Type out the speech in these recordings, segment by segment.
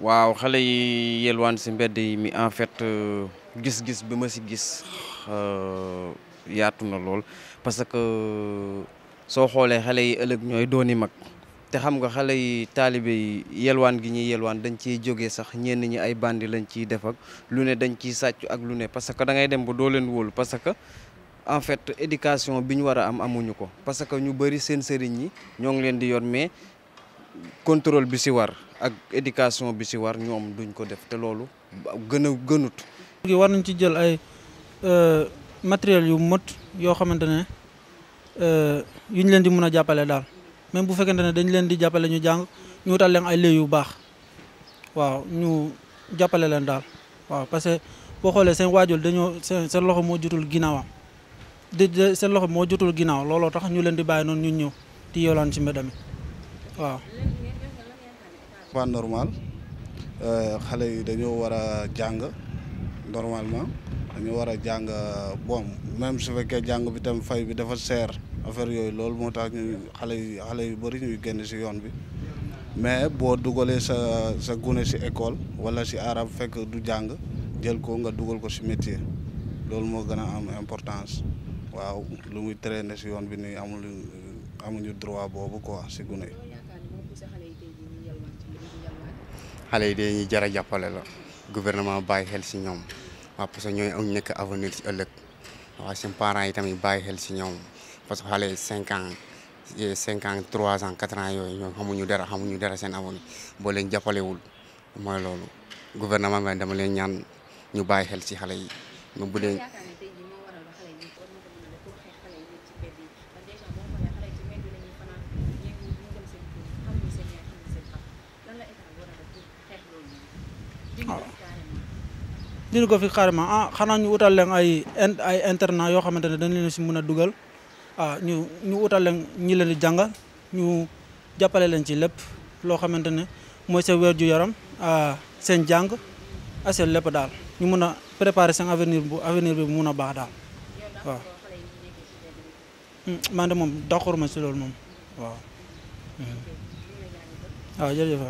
waaw xalé yi yelwaan si mbedd yi mi en fait euh, gis-gis bi ma ci gis euh yatuna lol parce que euh, so xolé xalé yi ëllëg ñooy dooni mag té xam nga xalé yi talibé yi yelwaan gi ñuy yelwaan dañ ci joggé sax ñenn ñi ay bandi lañ ci def ak lu né dañ ci saccu ak lu né parce que da ngay dem bu do leen wul parce que en fait éducation biñ wara am amuñu ko parce que ñu bari seen sëriñ yi ñong leen di yor mais contrôle bi ci war ak éducation bi si war ñoom duñ ko def te loolu gën a gënut gi war nañ ci jël ay euh, matériel yu mot yoo xamante ne euh, yu ñu leen di mën a jàppale même bu fekkente ne dañ leen di jàppale ñu jàng ñu wutal leen ay lieu yu baax waaw ñu jàppale leen daal waaw parce que boo xoolee seen waajur dañoo seen loxo moo jotul ginnaawam di seen loxo moo jotul Wow. tax ñu leen di ñu di ci pas normal euh, xalé yi dañu wara jang normalement dañu wara jang bon même su fekke jang bi tam fay bi dafa ser affaire yoy lool motax ñu xalé yi xalé yu bari ñuy genn ci yoon bi mais bo dugolé sa sa gune ci école wala ci arab fekk du jang jël ko nga dugol ko ci métier lool mo gëna am importance waaw lu muy traîner ci yoon bi ni amul amuñu droit bobu quoi ci gune xale yi dañuy jar a jàppale la gouvernement bàyyi xel si ñoom waaw parce que ñooy am si ëllëg waaw seen parent yi tamit bàyyi xel si ñoom parce que xale yi cinq ans cinq ans trois ans quatre ans yooyu ñoom xamuñu dara xamuñu dara seen avenir boo leen jàppalewul mooy loolu gouvernement bi dama leen ñaan ñu bàyyi xel si xale yi waaw dina ko fi carrément ah xana ñu utal leen ay ay internat yo xamantene dañ leen si mëna a ah ñu ñu utal leen ñi leen di jàngal ñu jappalé leen ci lepp lo xamantene moy sa wër ju yaram ah, seen jang ak lepp lépp daal ñu mëna préparer seen avenir bu avenir bi mëna a baax daal hmm, man de moom d'accord ma si loolu moom wa waaw hmm. ah, jërëjëf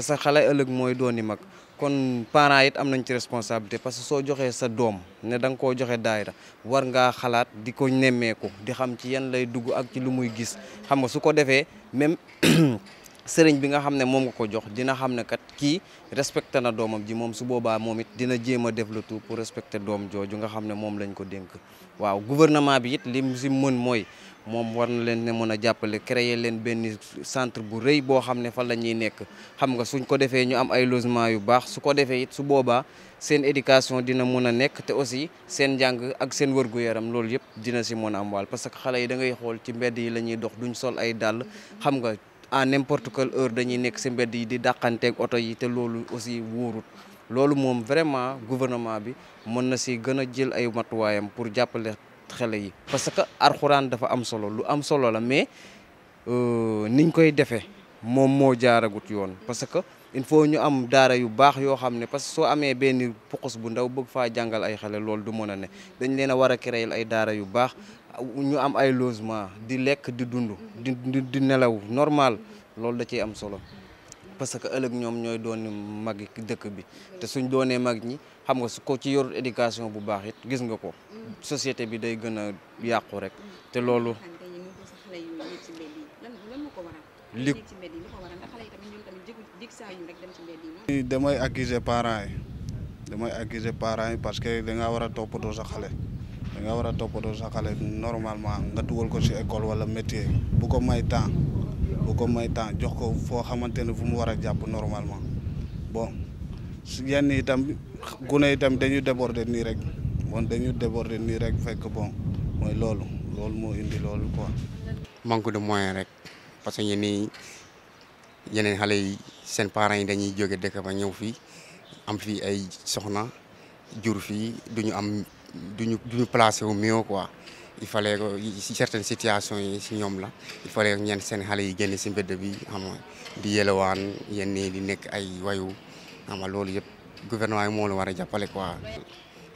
parce que xale ëllëg mooy dooni mag kon parents it am nañ ci responsabilité parce que soo joxee sa doom ne da nga koo joxe daayira war ngaa xalaat di ko nemmeeku di xam ci yan lay dugg ak ci lu muy gis xam nga su ko defee même sëriñ bi nga xam ne moom nga ko jox dina xam ne kat kii respecté na doomam ji moom su boobaa moom it dina jéem a def pour respecter doom jooju nga xam ne moom lañ ko dénk waaw gouvernement bi it lim si mën mooy moom war na leen ne mën a jàppale créer leen benn centre bu rëy boo xam ne fa la ñuy nekk xam nga suñ ko defee ñu am ay losements yu baax su ko defee it su boobaa seen éducation dina mën a nekk te aussi seen njàng ak seen wërgu-yaram loolu yëpp dina si mën a am waal parce que xale yi da ngay xool ci mbedd yi la ñuy dox duñ sol ay dàll xam nga à n'importe quelle heure dañuy nek ci mbedd yi di ak auto yi te lolu aussi wourout lolu mom vraiment gouvernement bi mën na ci a jël ay pour jappalé xalé yi parce que alcorane dafa am solo lu am solo la mais euh, niñ koy parce que il faut ñu am daara yu baax yoo xam ne parce que soo amee benn pukus bu ndaw bëgg faa jàngal ay xale loolu du mën a ne dañ leen a war a créer ay daara yu baax ñu am ay logement di lekk di dund di di nelaw normal loolu da ciy am solo parce que ëllëg ñoom ñooy doon mag dëkk bi te suñ doonee mag ñi xam nga su ko ci yor éducation bu baax it gis nga ko société bi day gën a yàqu rek te loolu li sañu rek dem ci mbedd yi. damay accuser parents yi damay accuser parents yi parce que da ngaa war a toppatoo sa xale da ngaa war a toppatoo sa xale normalement nga dugal ko si école wala métier bu ko may temps bu ko may temps jox ko foo xamante fu mu war a normalement bon yenn itam gune itam dañu déborder nii rek bon dañu déborder nii rek fekk bon mooy lolu lolu moo indi lolu quoi. manque de moyen rek parce que ñi yeneen xale yi seen parents yi dañuy joge dëkk ba ñëw fii am fii ay soxna jur fi du ñu am duñu duñu placé wu mieux quoi il fallait que si certaines situations yi si ñoom la il fallait que ñenn seen xale yi génn si mbedd bi xam di yelawaan yenn di nekk ay wayu xam nga loolu yëpp gouvernement yi moo la war a jàppale quoi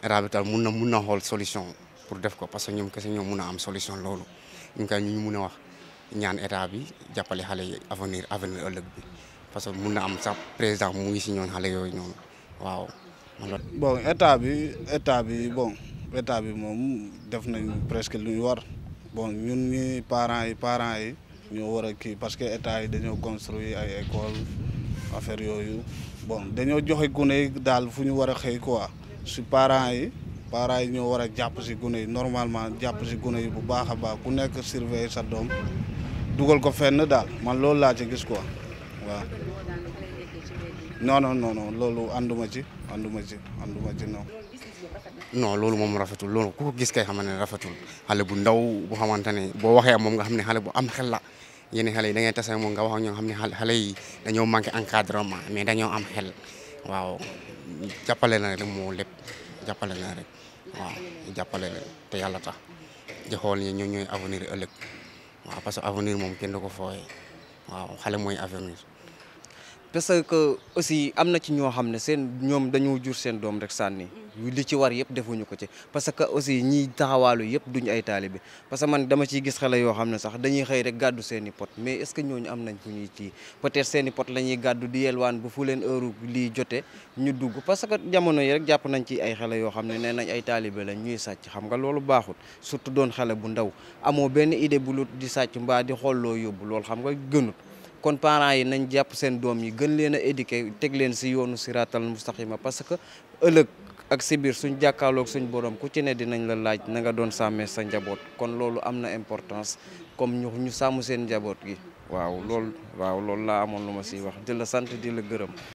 état tal mun na mun na xool solution pour def ko parce que ñoom kese ñoom mun a am solution loolu ñu ñu mun a wax ñaan état bi jàppale xale yi avenir avenir ëllëg bi parce que mun na am sax président mu ngi si ñoon xale yooyu ñoo waaw. bon état bi état bi bon état bi moom def nañ presque lu ñu war bon ñun ñi parents yi parents yi ñoo war a kii parce que état yi dañoo construire ay école affaire yooyu bon dañoo joxe gune yi daal fu ñu war a xëy quoi si parents yi parents yi ñoo war a jàpp si gune yi normalement jàpp si gune yi bu baax a baax ku nekk surveiller sa doom dugal ko fenn daal man loolu laa ci gis quoi waaw non non non non loolu ànduma ci ànduma ci ànduma ci non. non loolu moom rafetul loolu ku ko gis kay xam ne rafetul xale bu ndaw bu xamante ne boo waxee moom nga xam ne xale bu am xel la yéen xale yi dangay ngay tase moom nga wax ak ñoo xam ne xale yi dañoo manqué encadrement mais dañoo am xel waaw jàppale na rek moo lépp jàppale na rek waaw te yàlla tax di xool ñi ñoo ñooy avenir ëllëg. parce que avenir pas kenn du ko fooyee waaw xale parce que aussi am na ci ñoo xam ne seen ñoom dañoo jur seen doom rek sànni mm. li ci war yëpp defuñu ko ci parce que aussi ñiy taxawaalu yëpp duñ ay taalibe parce que man dama ciy gis xale yoo xam ne sax dañuy xëy rek gàddu seeni pot mais est ce que ñooñu am nañ fu ñuy ci peut-être seen pot la ñuy gàddu di yelwaan bu fu leen heure lii jote ñu dugg parce que jamono yi rek jàpp nañ ci ay xale yoo xam ne nee nañ ay taalibe lañ ñuy sàcc xam nga loolu baaxul surtout doon xale bu ndaw amoo benn idée bu lut di sàcc mbaa di xool loo yóbbu loolu xam nga gënut kon parent yi nañ jàpp seen doom yi gën leen a éduquer teg leen si yoonu si siraatal mustaqima parce que ëllëg ak si biir suñ jàkkaarloog suñ borom ku ci ne dinañ la laaj na nga doon sàmmee sa njaboot kon loolu am na importance comme ñu ñu sàmm seen njaboot gi waaw loolu waaw loolu laa amoon lu ma siy wax di la sant di la gërëm